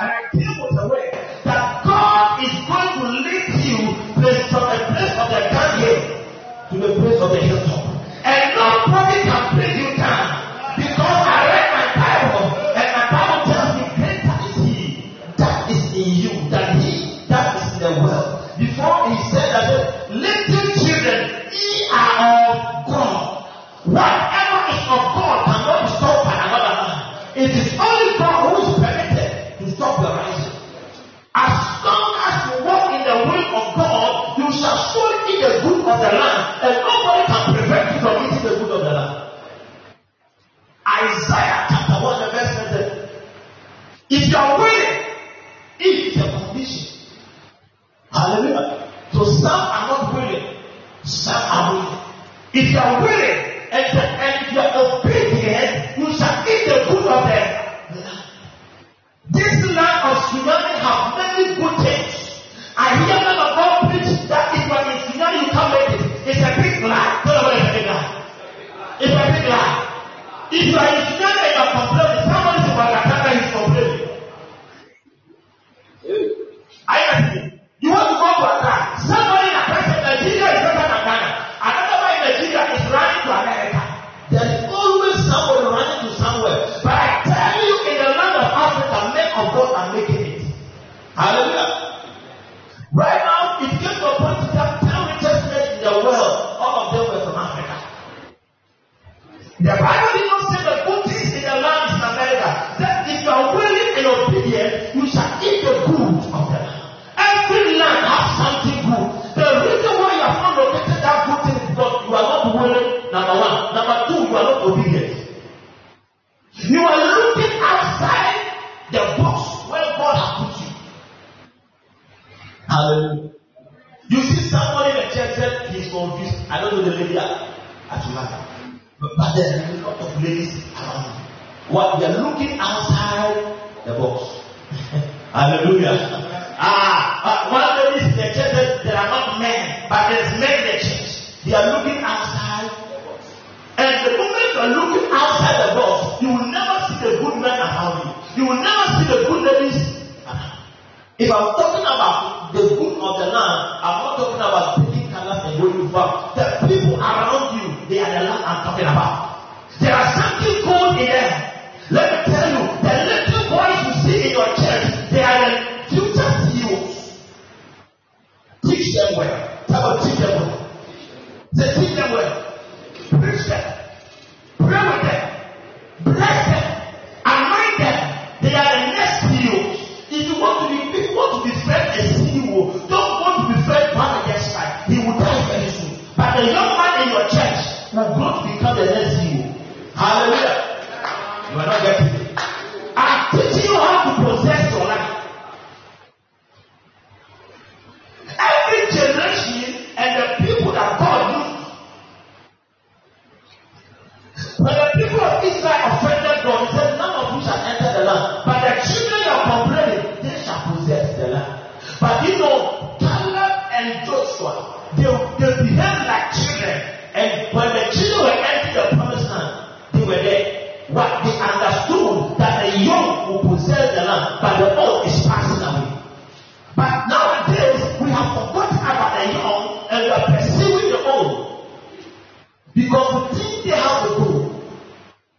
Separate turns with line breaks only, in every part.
And I came with a way that God is going to lead you from the place of the canyon to the place of the hilltop. It's you will.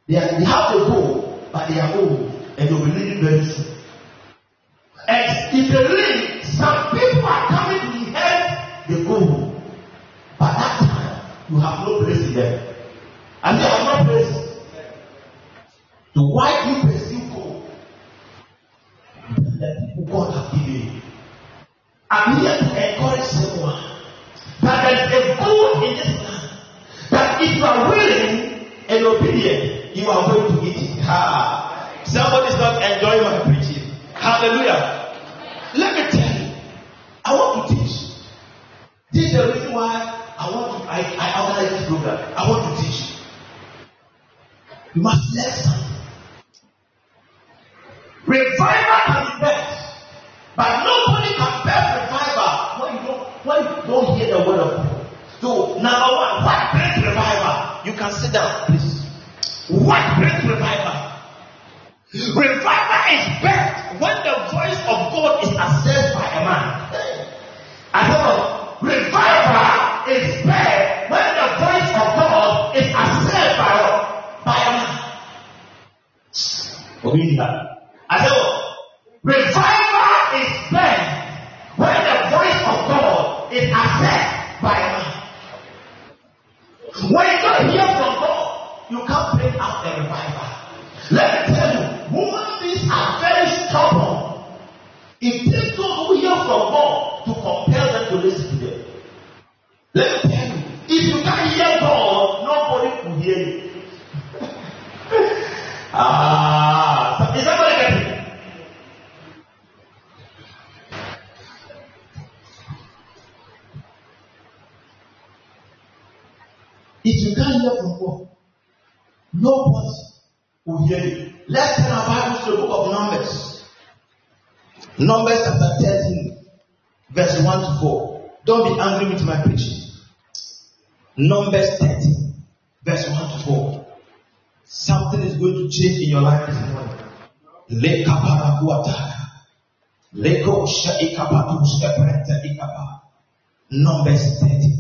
They, are, they have a goal, but they are old and they will very benefit. lekapara kuata leko shaikapatu steprete ikapa nombes tete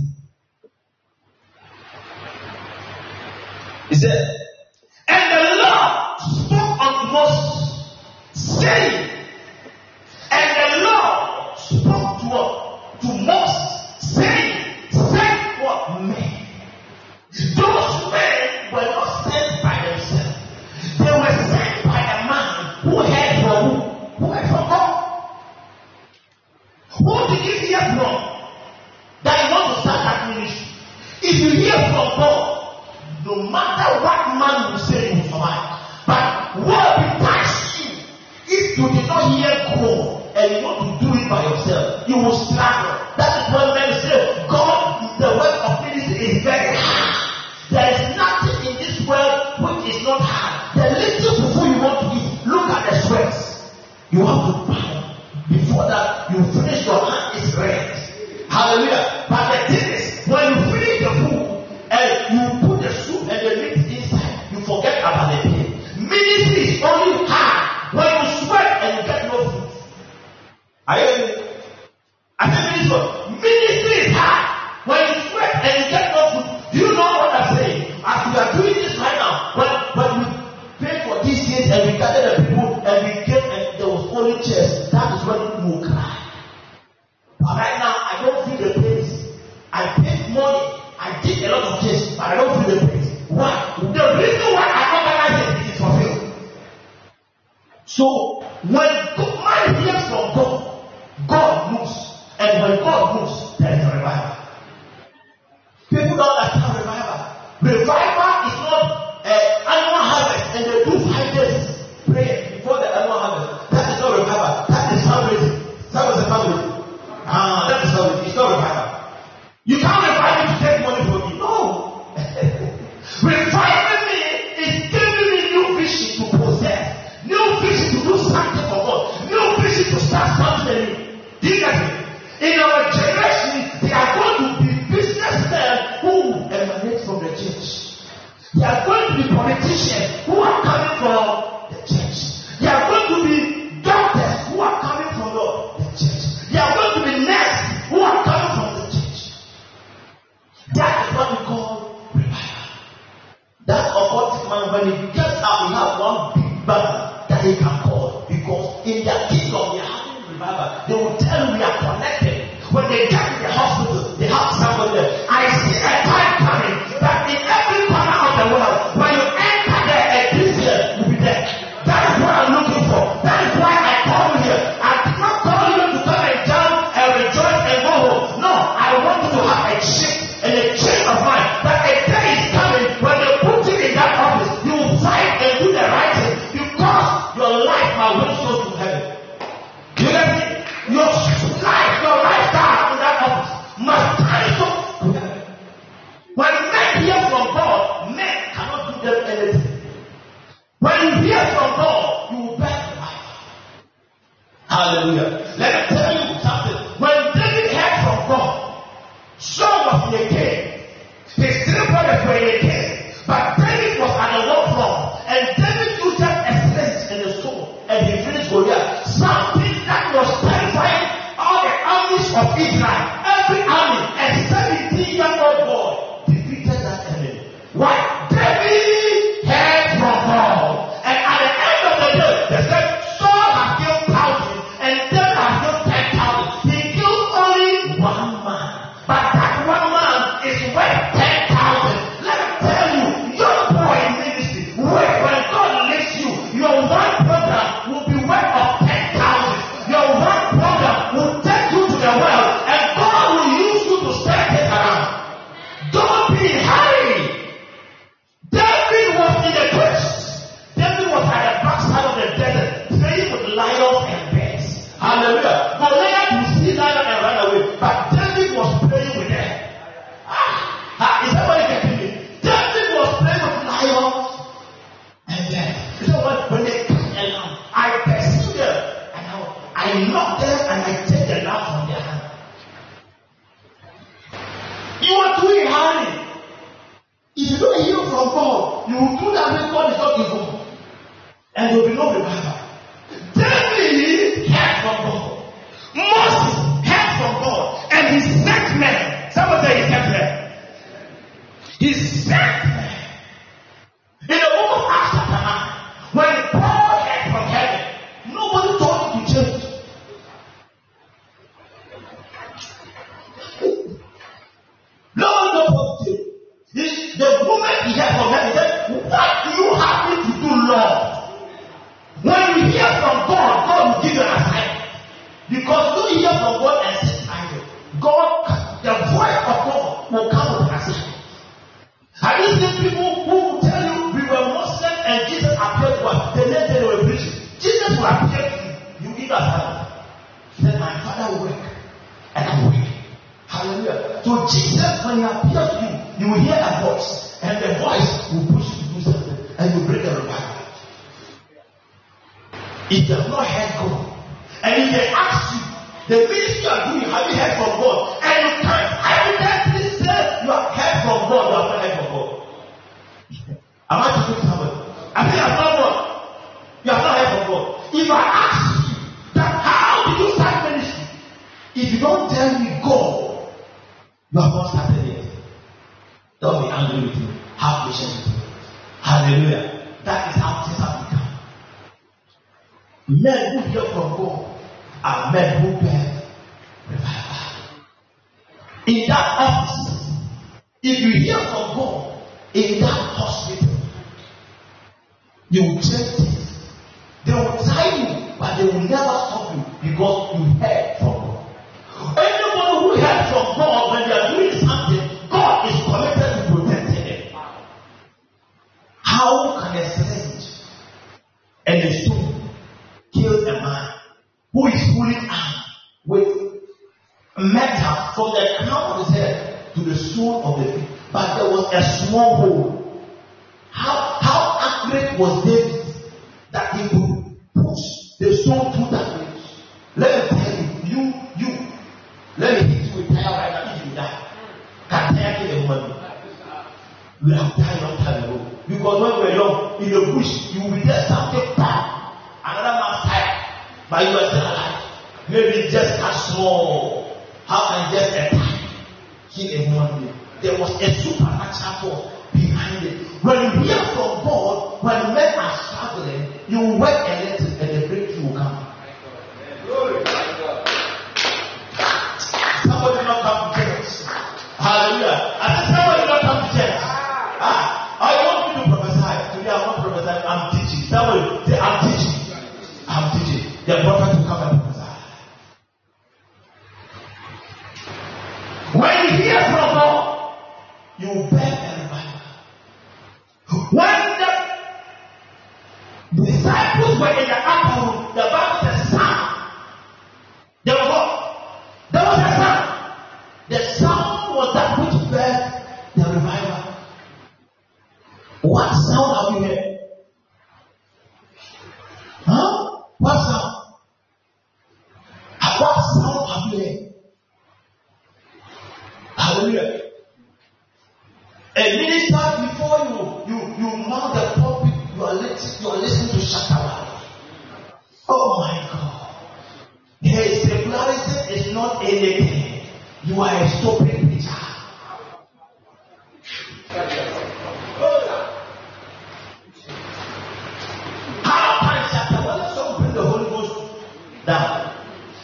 down.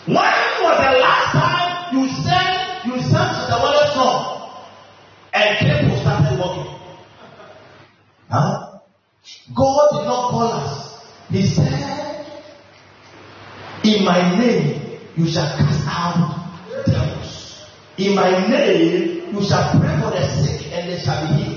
When was the last time you sent you sent to the wallet song and people started walking? Huh? God did not call us. He said, In my name you shall cast out devils. In my name you shall pray for the sick and they shall be healed.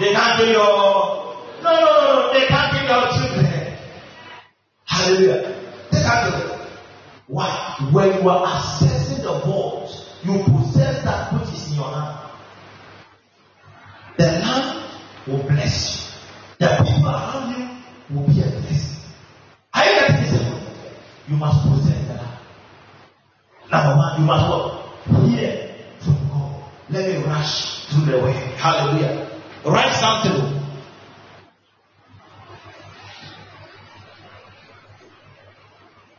They can't do your. No, no, no, no. They can't be your children. Hallelujah. Take that. do Why? When you are accessing the vault, you possess that which is in your hand. The land will bless you. The people around you will be a blessing. Are you getting this? You must possess the land. Number one, you must what? Hear from God. Let me rush through the way. Hallelujah write something.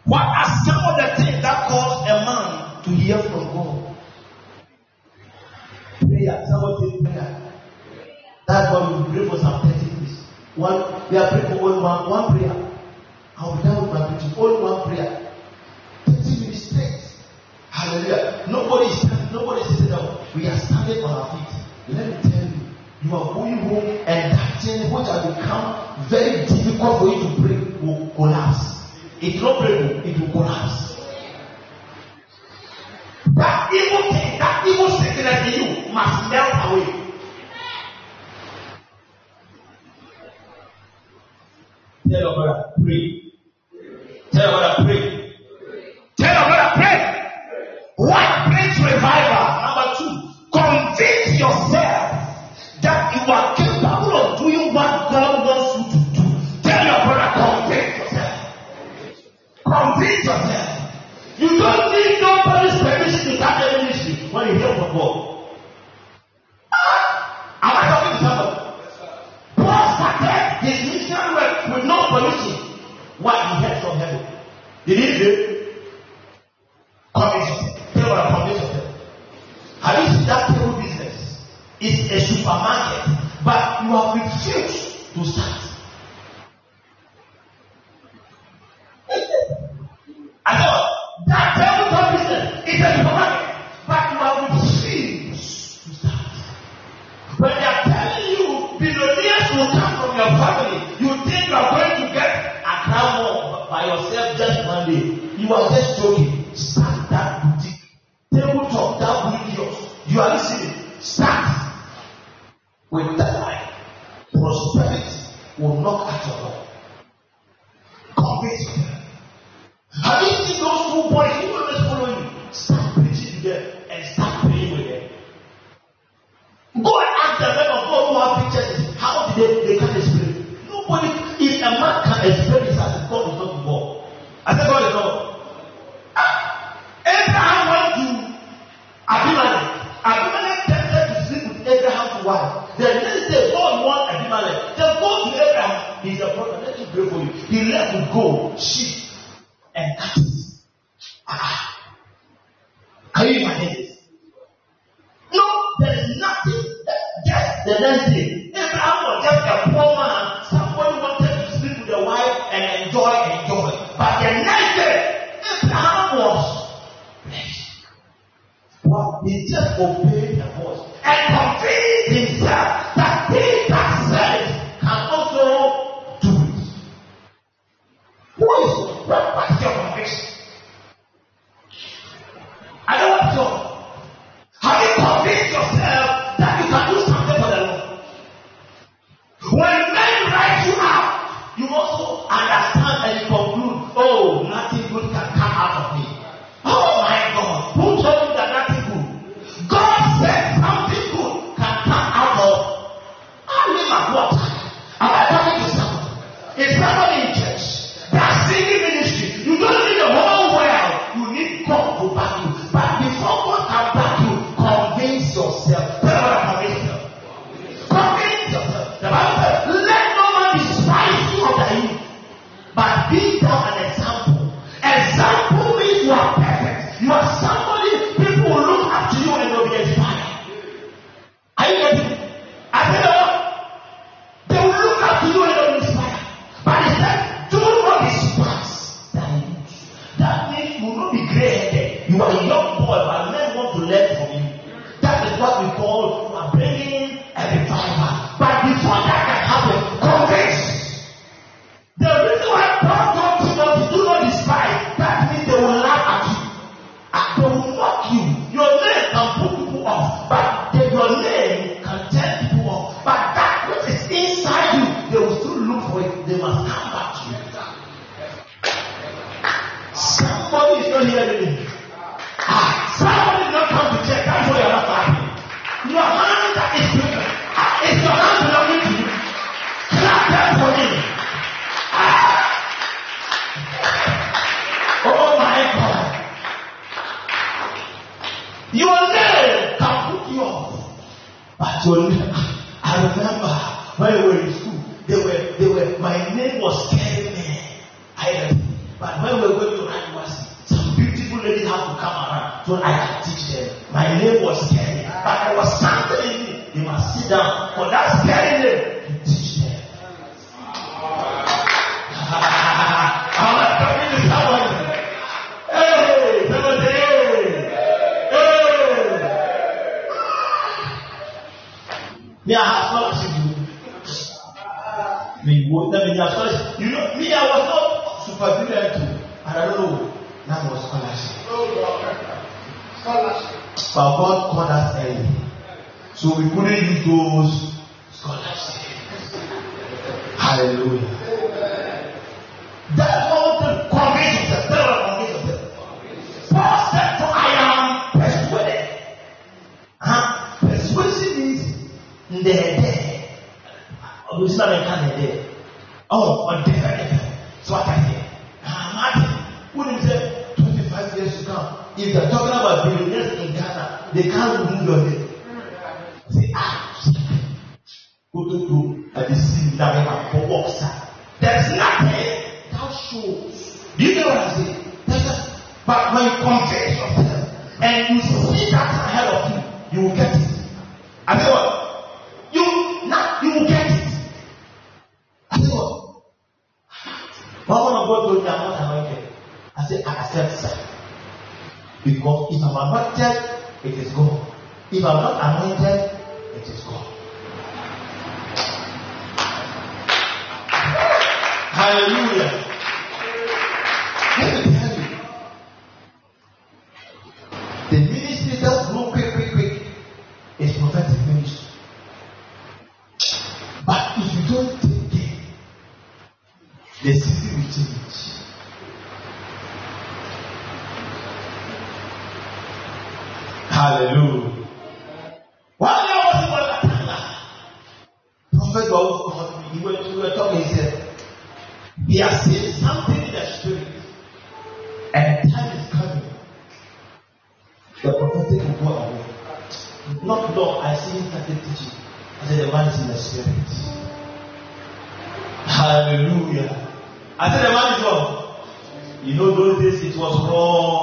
What are some of the things that cause a man to hear from God? Prayer. Someone say prayer. That's why we pray for some thirty days. One, we are praying for one, one, one prayer. temporal. understand and conclude, oh, nothing good can come out of me. Hallelujah. One day I was in Atlanta. Prophet God, he went to a talk, he said, He has seen something in the spirit, and time is coming. The prophetic will go away. Not long, I see him started teaching. I said, The man is in the spirit. Hallelujah. I said, The man is gone. You know, those days it was wrong.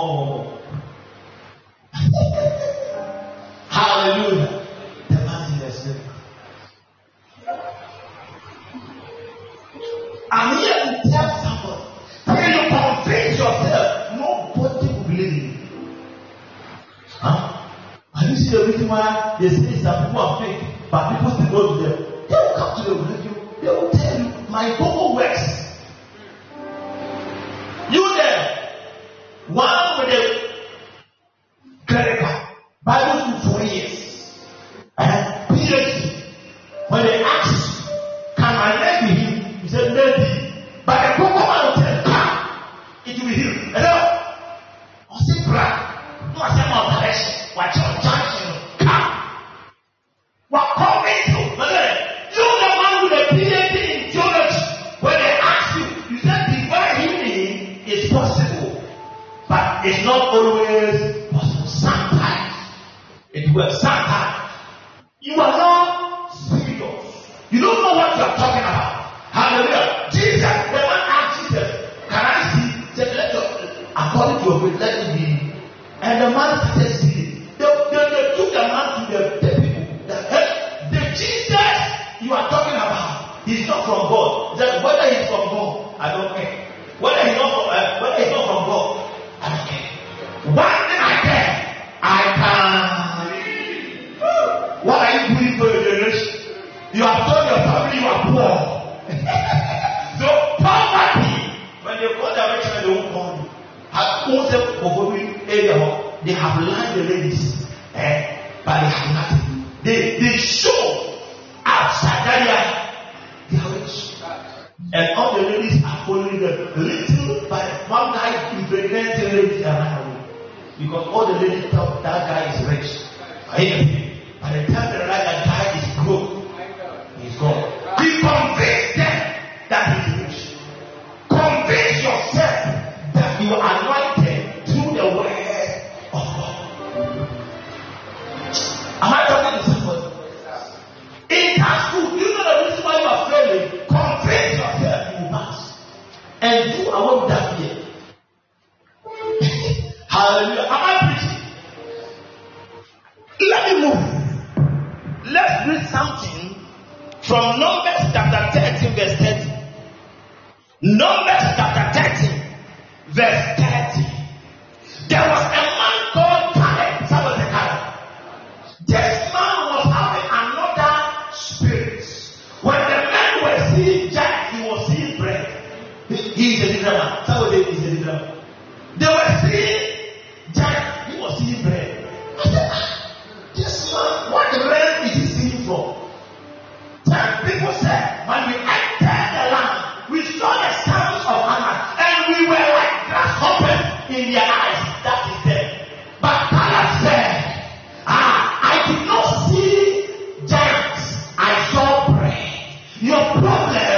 Your problem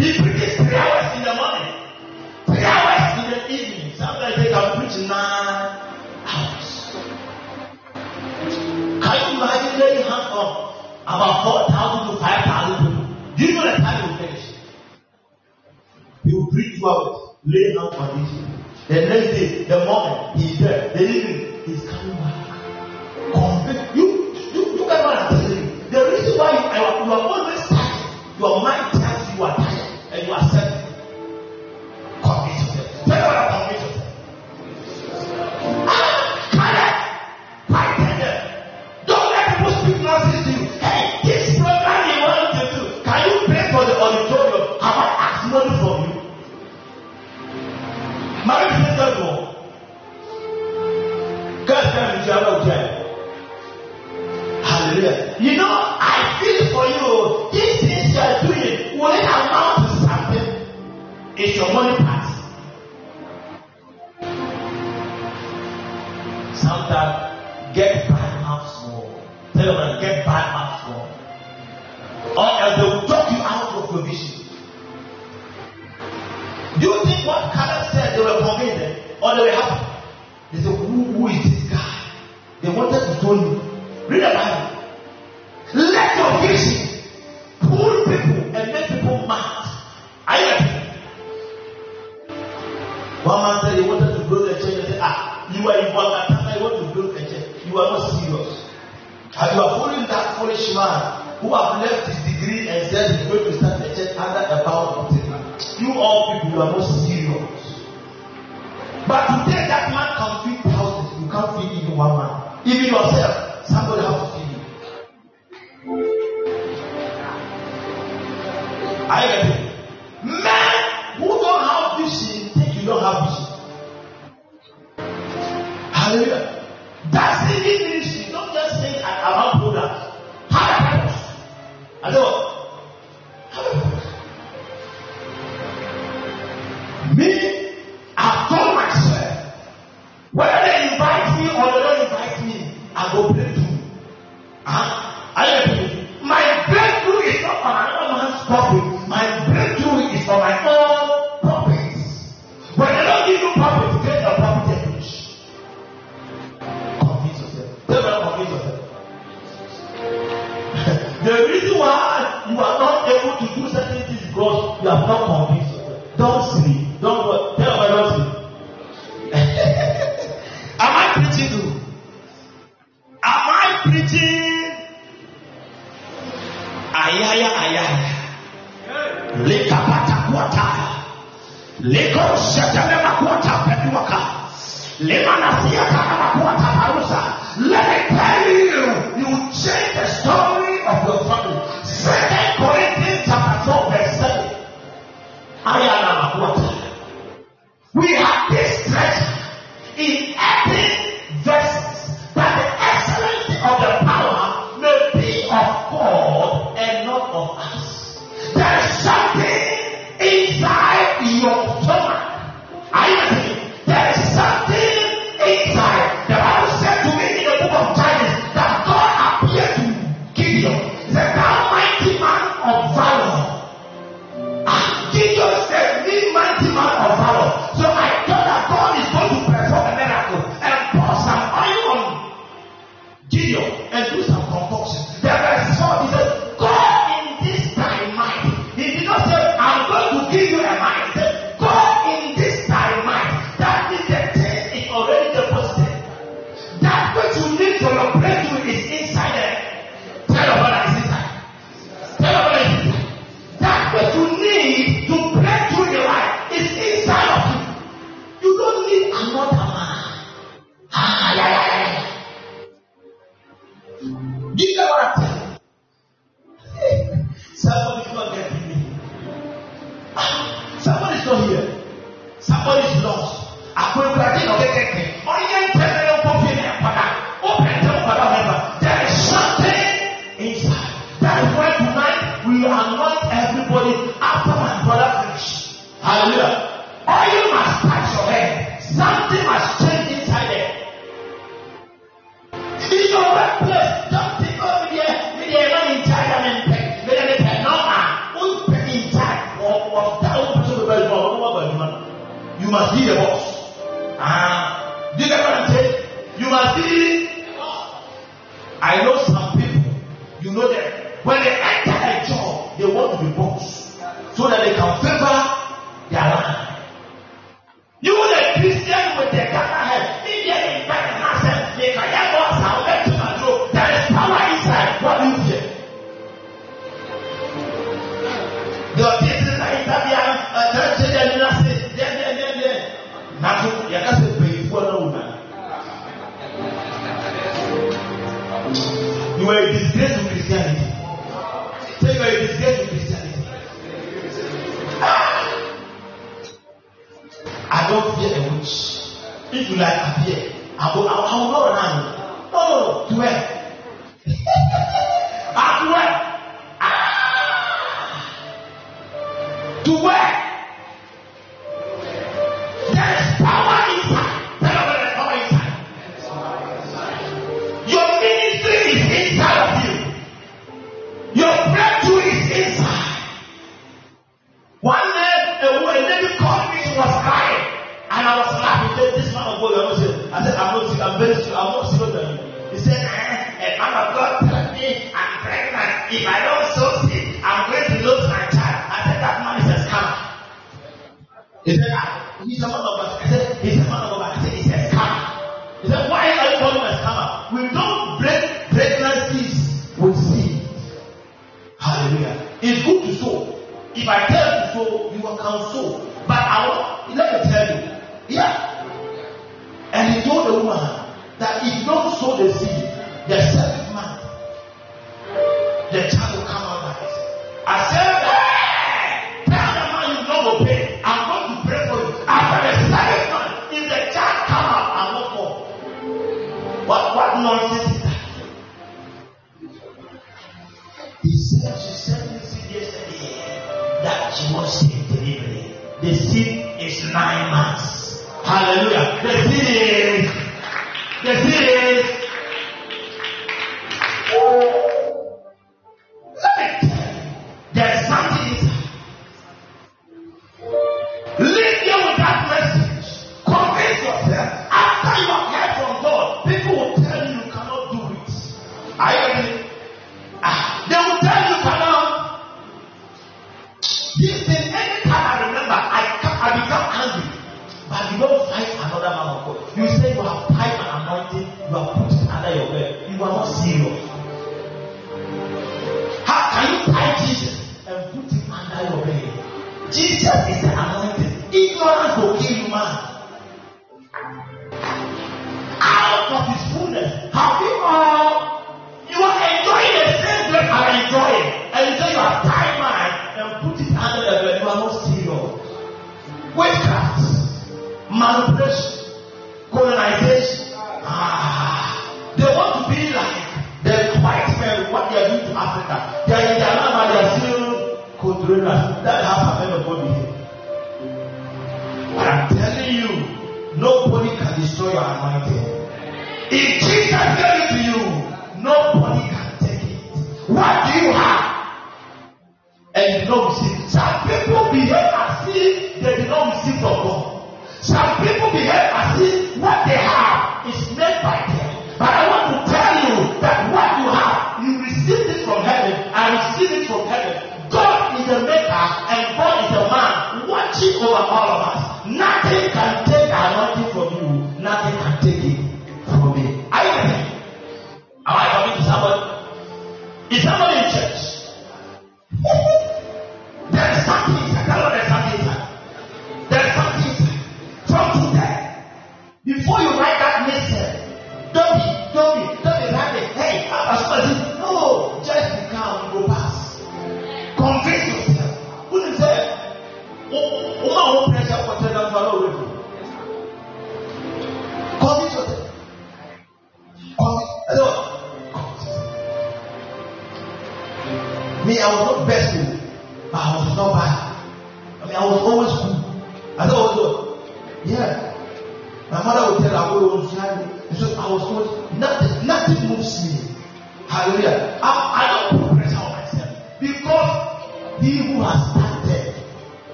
He preaches three hours in the morning, three hours in the evening. Sometimes they can preach nine hours. Can you imagine laying hands on about 4,000 to 5,000 people? Do you know the time will finish? He will preach two hours, lay hands on these people. The next day, the morning, he's there. The evening, he's coming back. Convict. You, you, you guys are The reason why you, you are always stuck, your mind You know, I feel for you. These things you are doing will it amount to something? Is your money part. Sometimes get bad pounds more. Tell them get bad pounds more. Or else they will talk you out of your vision. Do you think what Caleb said they were You are in Wakataka, you want to build a church. You are not serious. And you are following that foolish man who have left his degree and said he's going to start a church under the power of Satan. You all people, you are not serious. But today,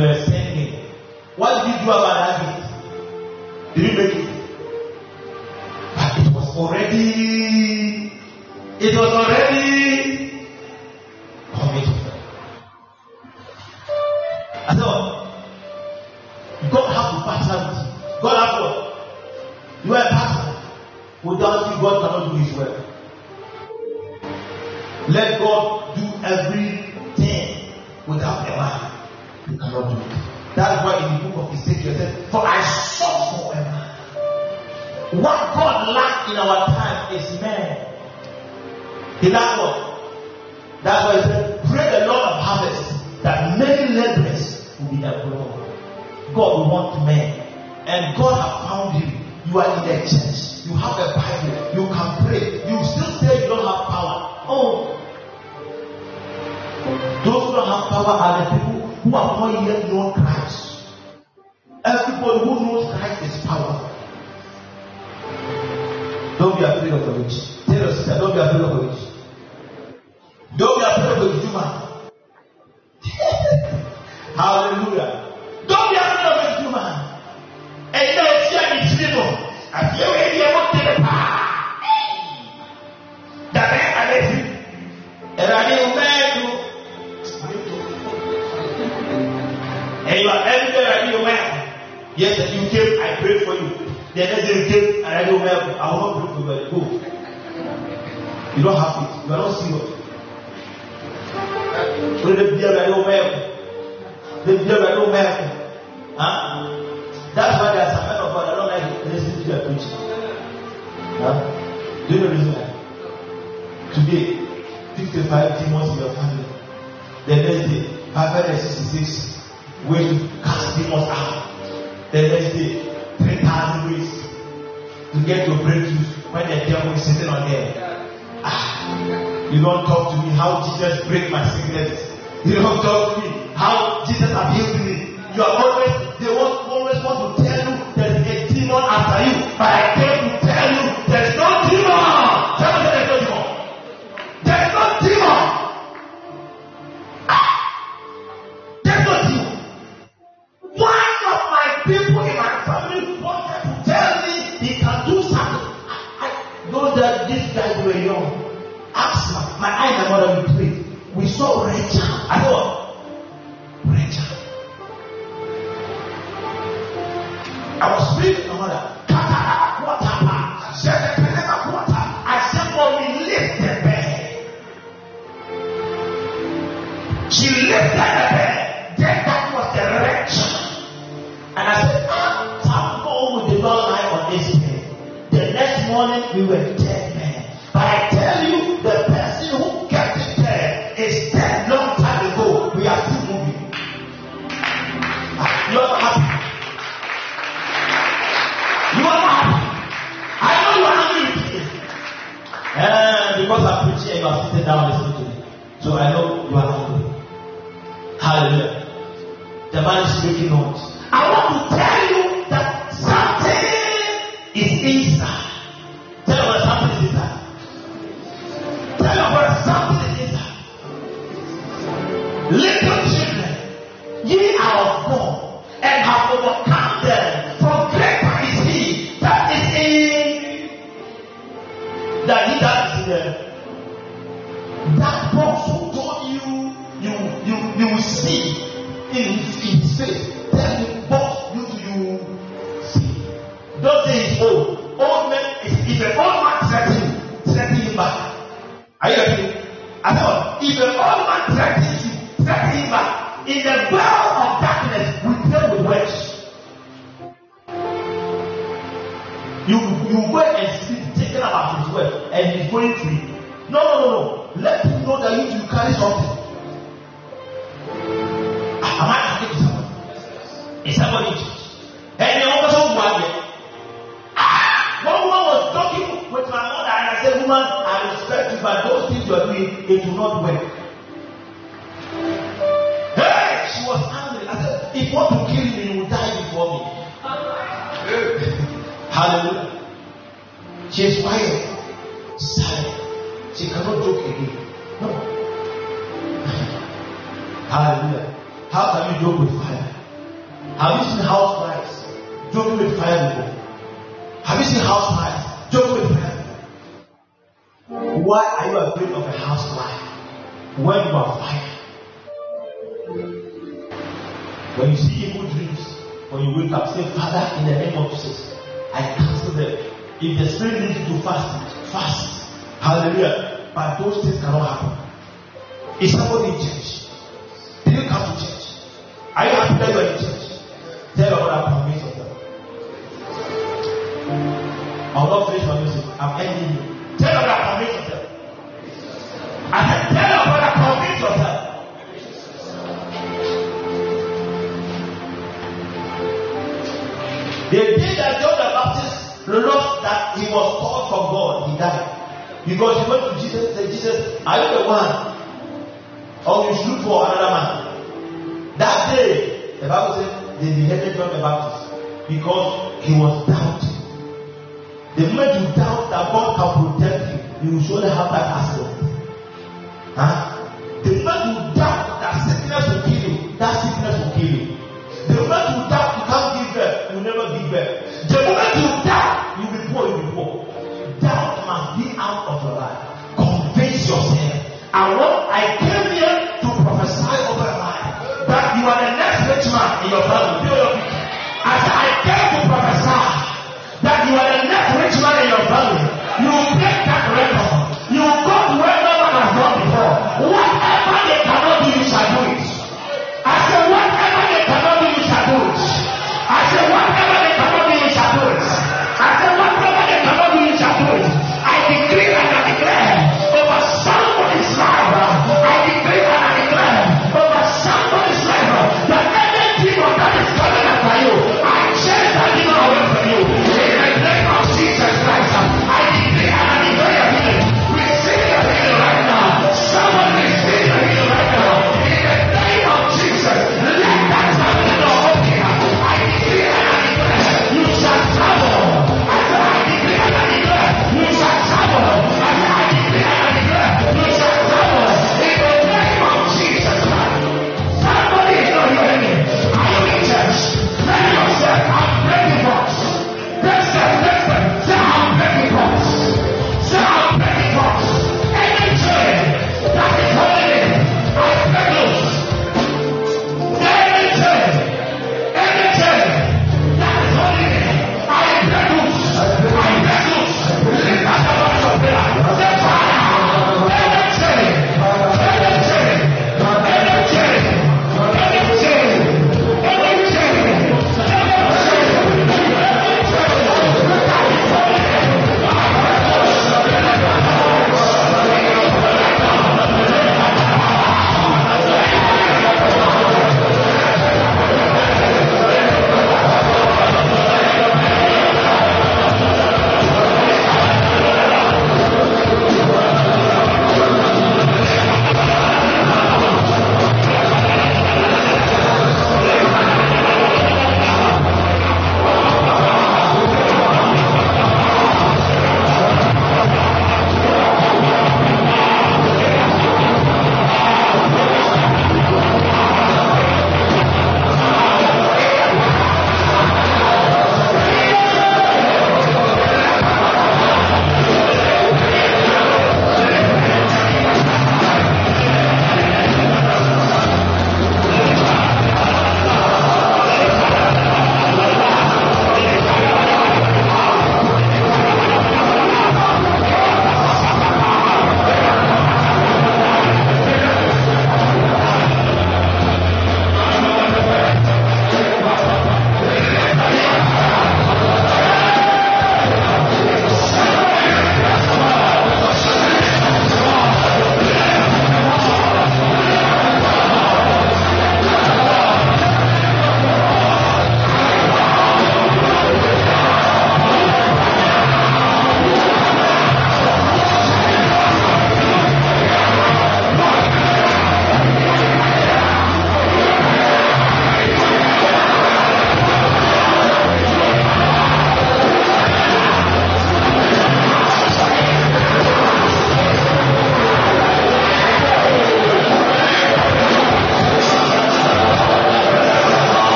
and you were spending. What did you do about that? Did you make it? But it was already, it was already. Little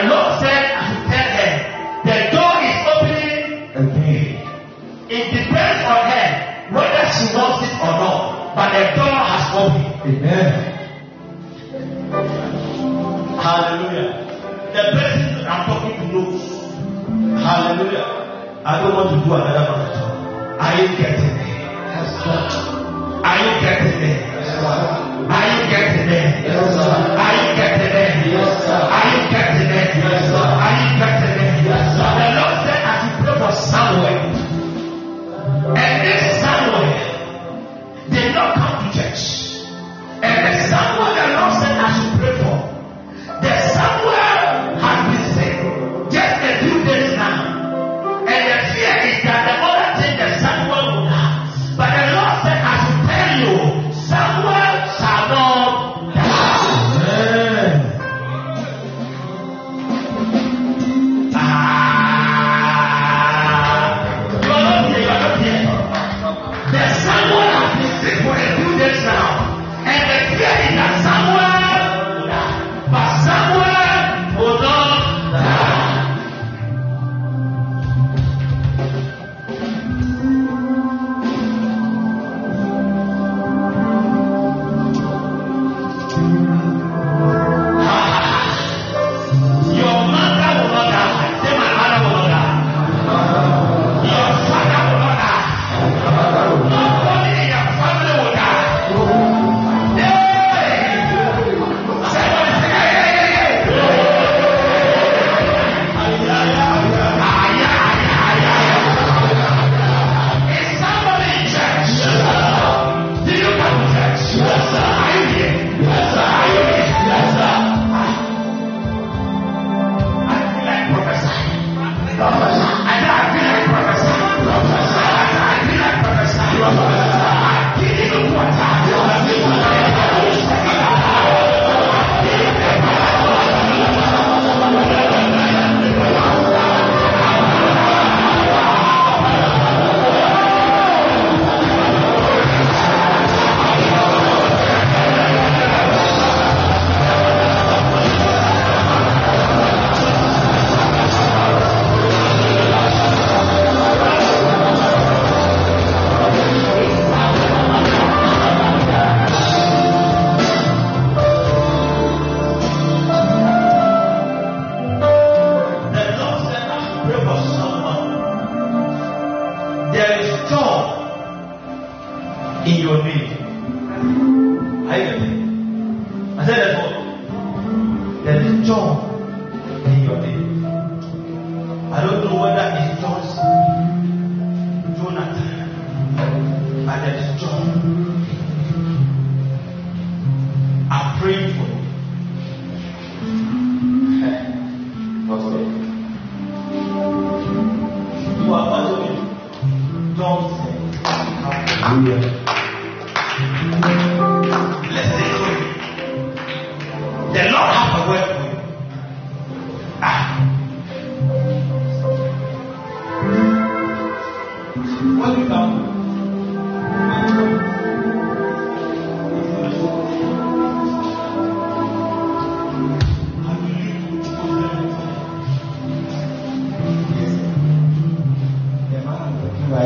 The Lord said, as he tell her, the door is opening again. It depends on her whether she wants it or not, but the door has opened. Amen. Hallelujah. The person I'm talking to knows. Hallelujah. I don't want to do another marathon. Are you getting me? Yes, Are you getting me?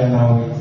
right now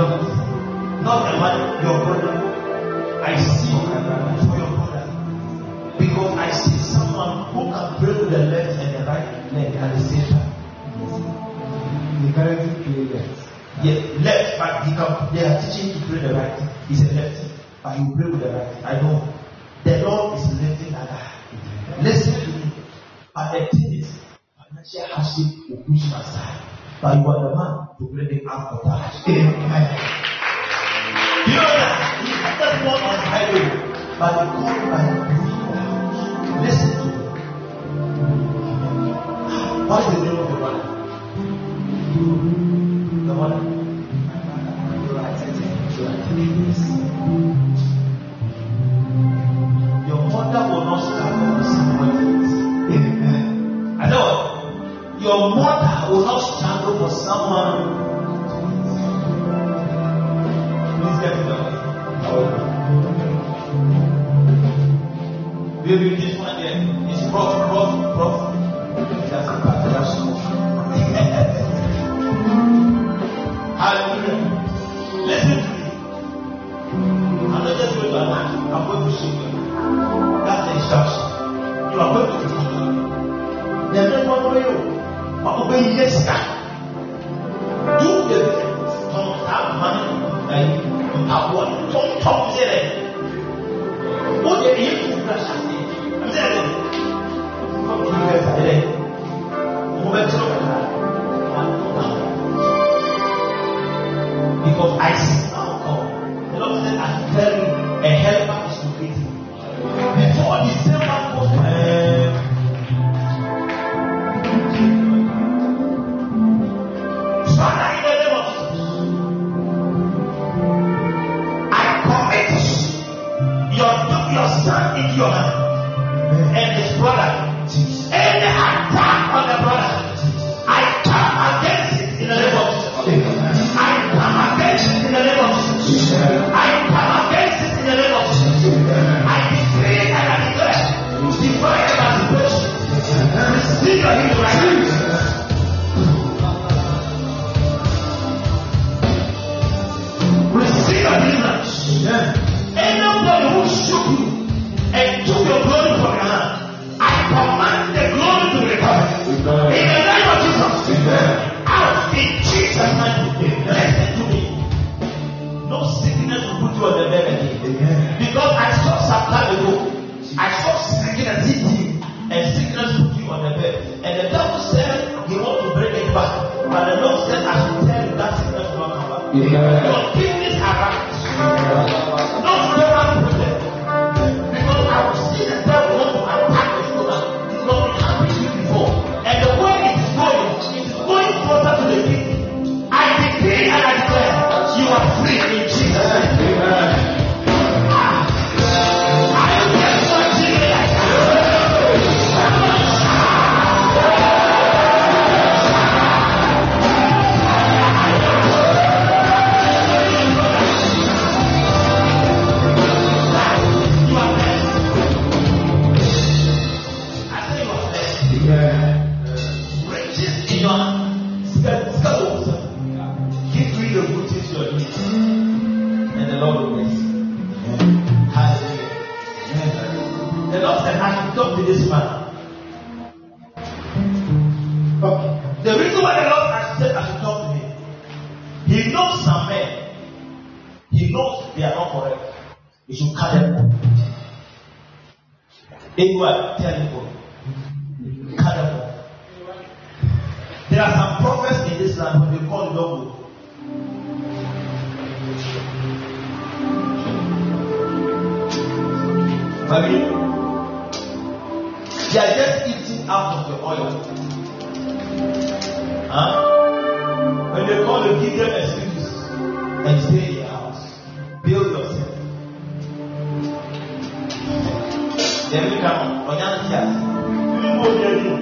product, not about your brother. I see for your brother Because I see someone who can pray with the left and the right leg at the same time. They currently play left. Yeah, left, but they, can, they are teaching to pray the right. He said left, but you pray with the right. I know. The Lord is lifting Allah. Listen to me. But the thing is, financial hardship will push us aside. But you are the man to bring it out of us. Amen. You know that he started not on highway, but he called by the Listen to me. What's the name of the one? The one. Your mother will not start on the same I know your mother I will not struggle for someone. Please get it down. Baby, this one here is rough. The Lord said, I should talk to this man. Okay. the reason why the Lord has said I should talk to him, he knows some men. He knows they are not correct. He should cut them off. Anyone tell people, cut them off. There are some prophets in this land who they call dogwood. you? They are just eating out of the oil. Huh? When they call you, give them excuse and stay in your house. Build yourself. Then we come on. Ọ̀yá ti àti. Bíbó ni ẹni.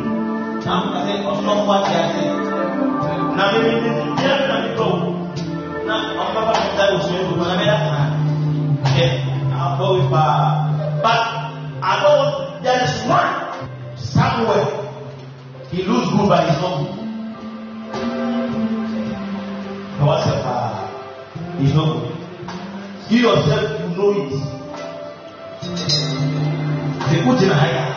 Àwọn kan sẹ́ ọ̀ṣọ́ wá ti àti. Nàbí mi ní ti díẹ̀ náà ní Now I'm ọ̀pá bá mi dá oṣù ẹ̀dùn kan lábẹ́ yàtọ̀ náà. Ẹ̀ àbọ̀wé pa á. ruled by his own. Now what's your power? It's not good. You yourself, you know it. They put in a higher.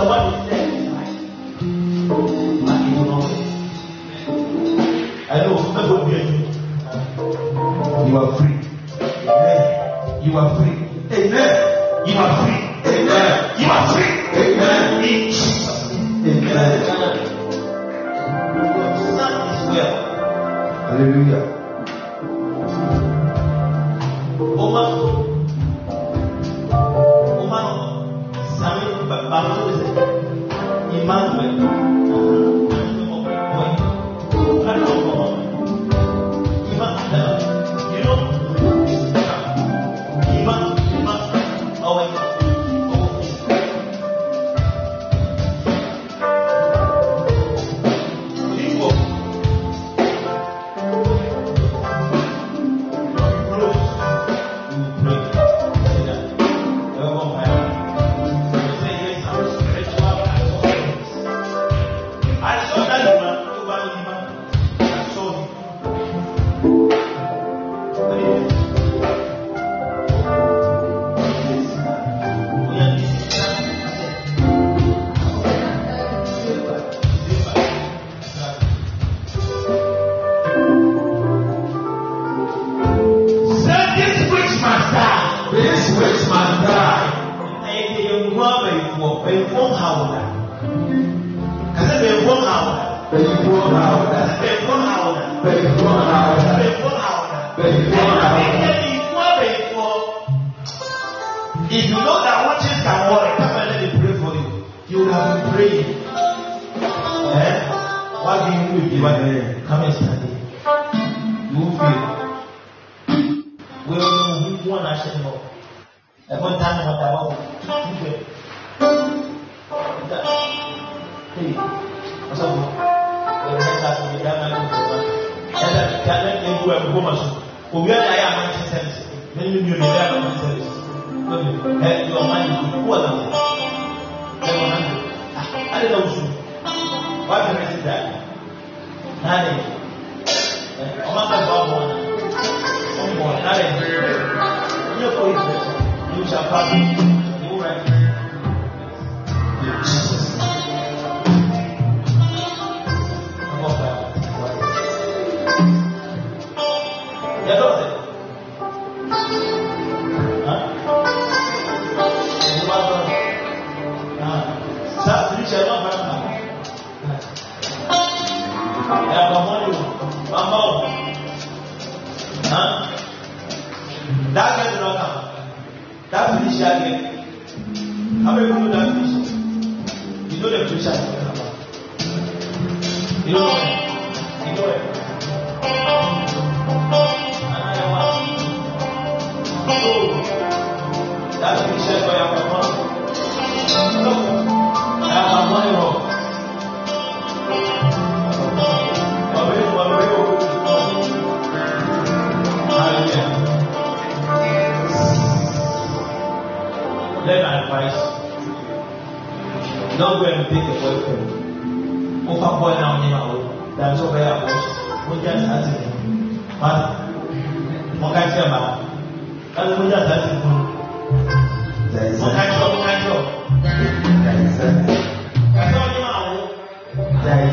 the one who said, I know hear you. You are free. You are free.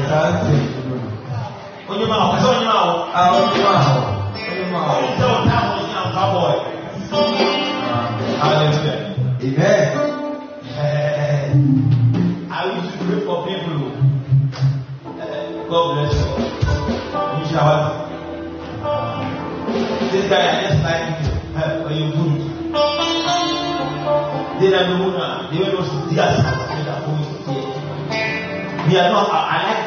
Onyima Amen. I wish to pray for people. God bless you. shall have. This guy I like him. Uh, you They are the one. They were those. They are the are not. I like.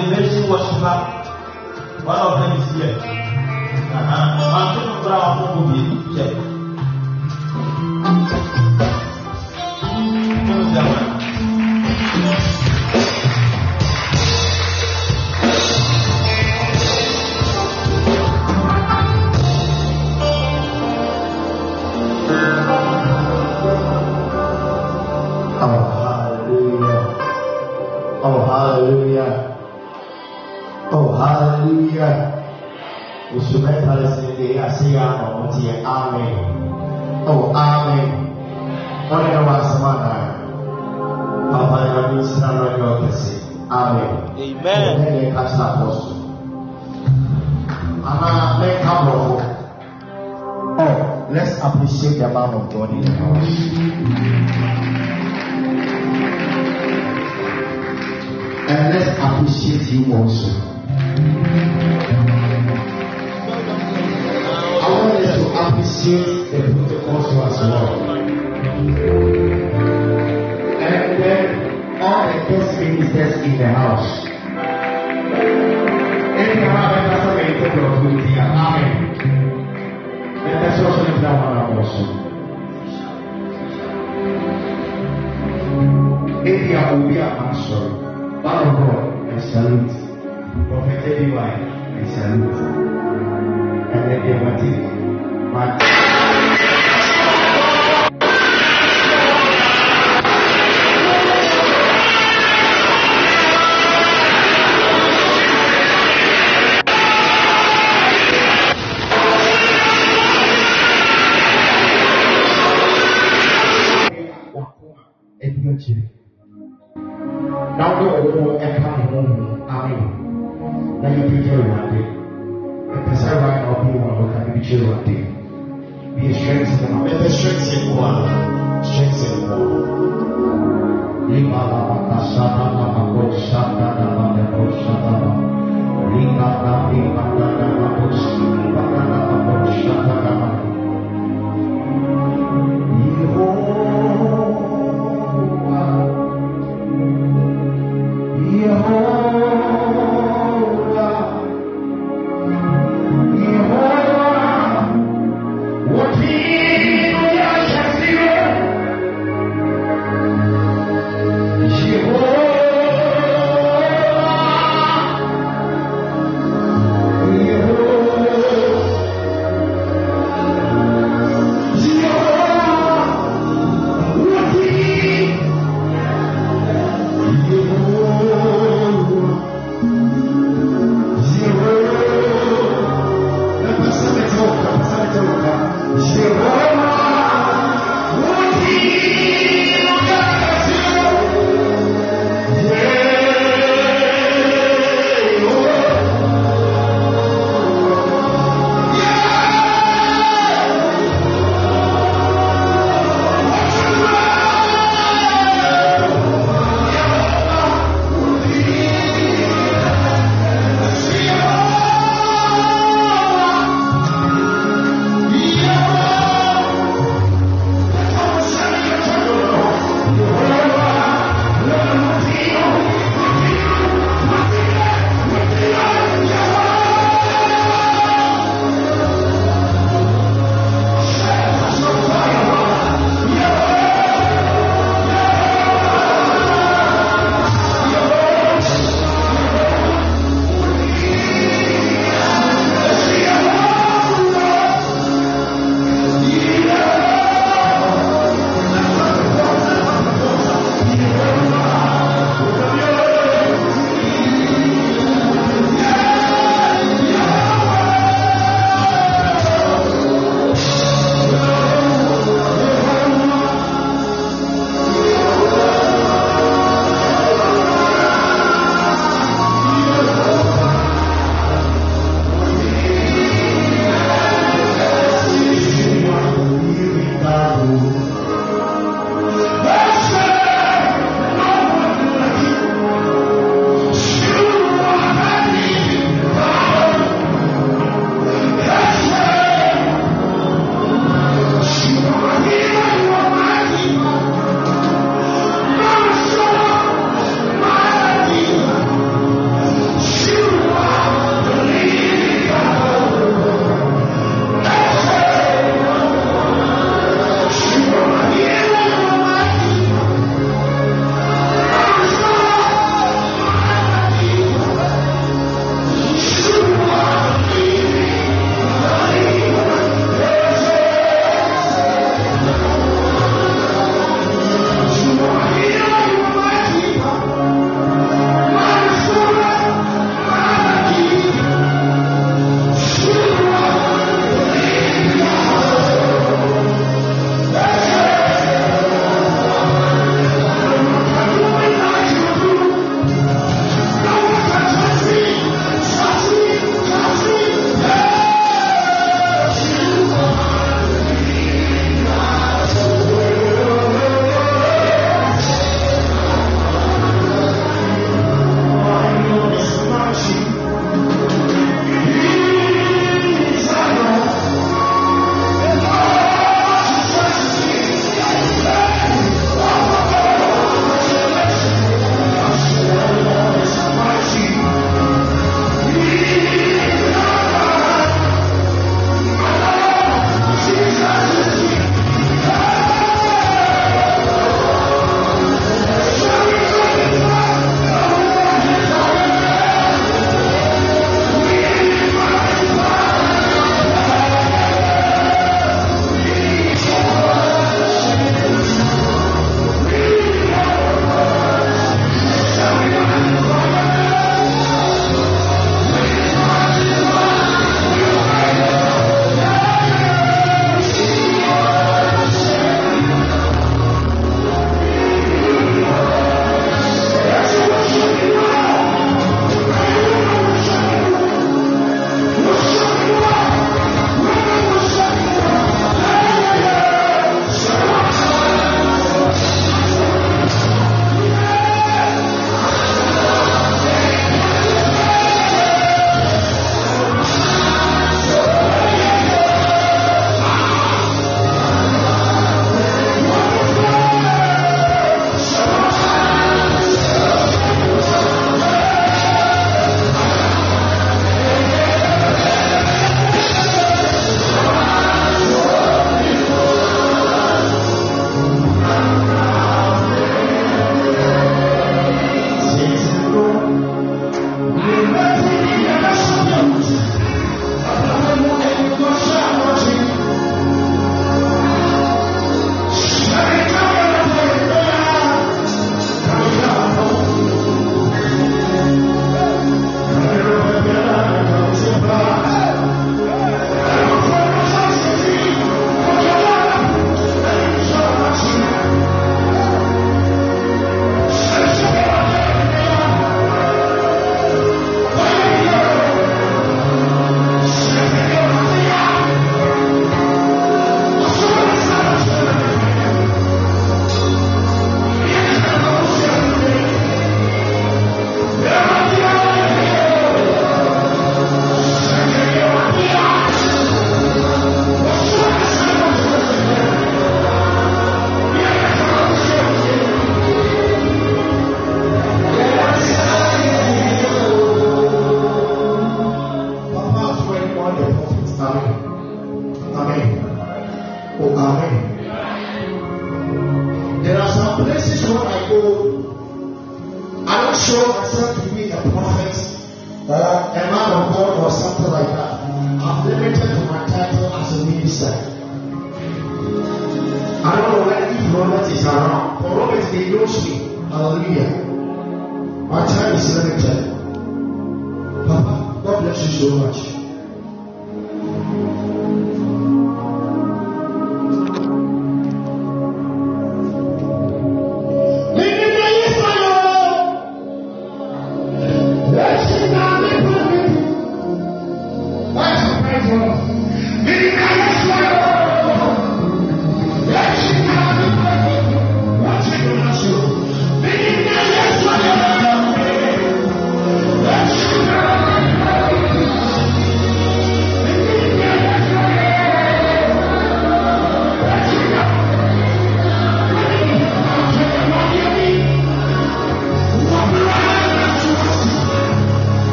the medicine worshiper, one of them is here.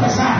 prophesy.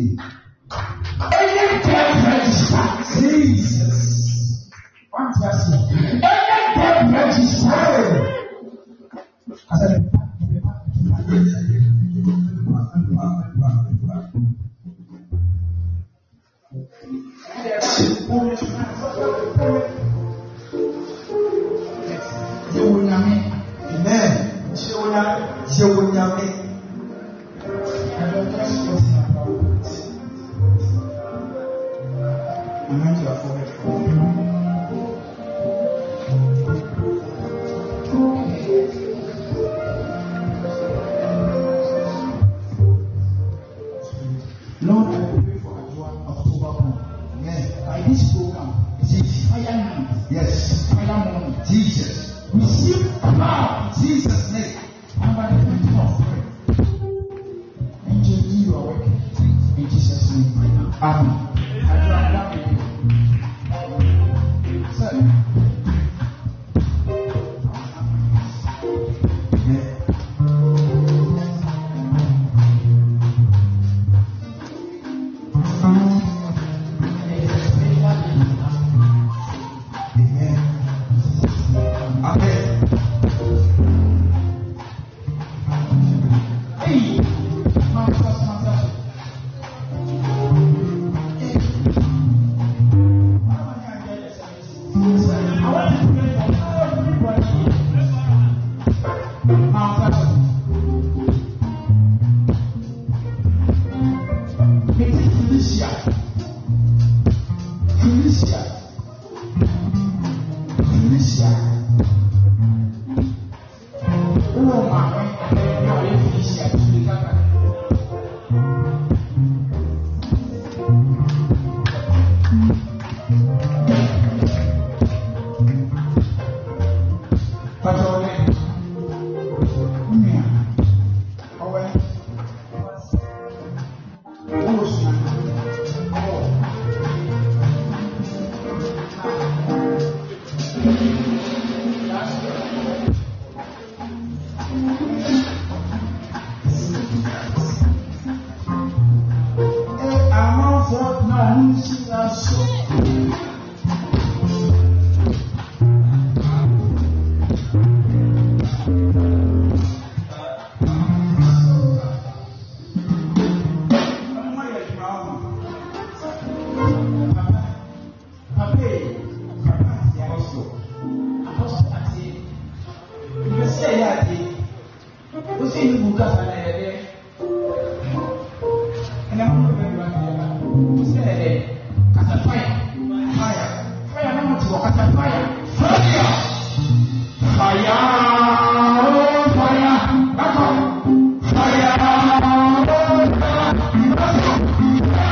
Amen. Mm.